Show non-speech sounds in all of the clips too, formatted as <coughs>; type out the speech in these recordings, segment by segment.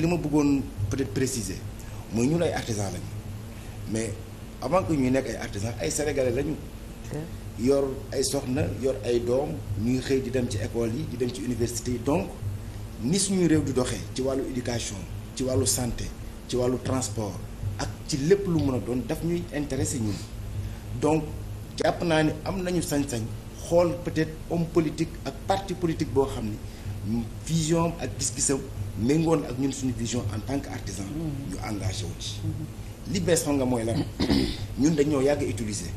li ma bëggoon peut-être préciser mooy ñun ay artisans lañu mais avant ñuy nekk ay artisans ay sénégalais lañu. yor ay soxna yor ay doom ñuy xëy di dem ci école yi di dem ci université yi donc ni suñuy réew di doxee ci wàllu éducation ci wàllu santé ci wàllu transport ak ci lépp lu mun a doon daf ñuy intéressé ñun donc jàpp naa ni am nañu sañ-sañ xool peut-être homme politique ak parti politique boo xam ni vision ak gis-gisam. ngoon ak ñun suñu vision en tant que artisan ñu engagé wu li bees xam nga mooy lan <coughs> ñun dañoo yàgg utiliser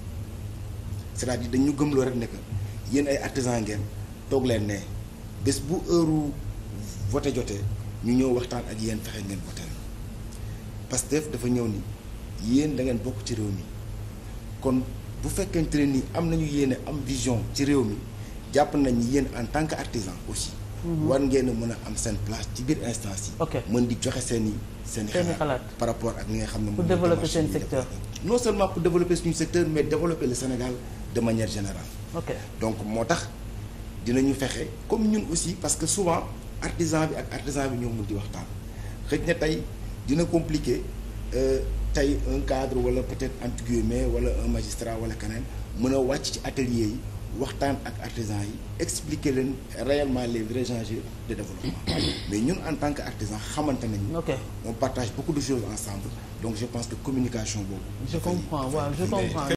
c'est-à-dire dañu gëmloo rek ne que yéen ay artisan ngeen toog leen ne bés bu heure voté jotee ñu ñëw waxtaan ak yéen fexe ngeen voté Pastef dafa ñëw ni yéen da ngeen bokk ci réew mi kon bu fekkente ne ni am nañu yéene am vision ci réew mi jàpp nañ yéen en tant que artisan aussi Mhm. war ngeen a mën a am seen place ci biir instance yi. mën di joxe seen i seen i xalaat par rapport ak ñi nga xam ne. pour développer seen secteur non seulement pour développer suñu secteur mais développer le Sénégal de manière générale. ok donc moo tax dina ñu fexe comme ñun aussi parce que souvent artisan bi ak artisan bi ñoo mun di waxtaan xëj na tey dina compliqué euh, tey un cadre wala peut-être entre guillemets wala un magistrat wala keneen mën a wàcc ci atelier yi. waxtaan ak artisan yi expliquer leen réellement les vrais enjeux de développement <coughs> mais ñun en tant que artisan xamante nañu ok on partage beaucoup de choses ensemble donc je pense que communication boobu je comprends je comprends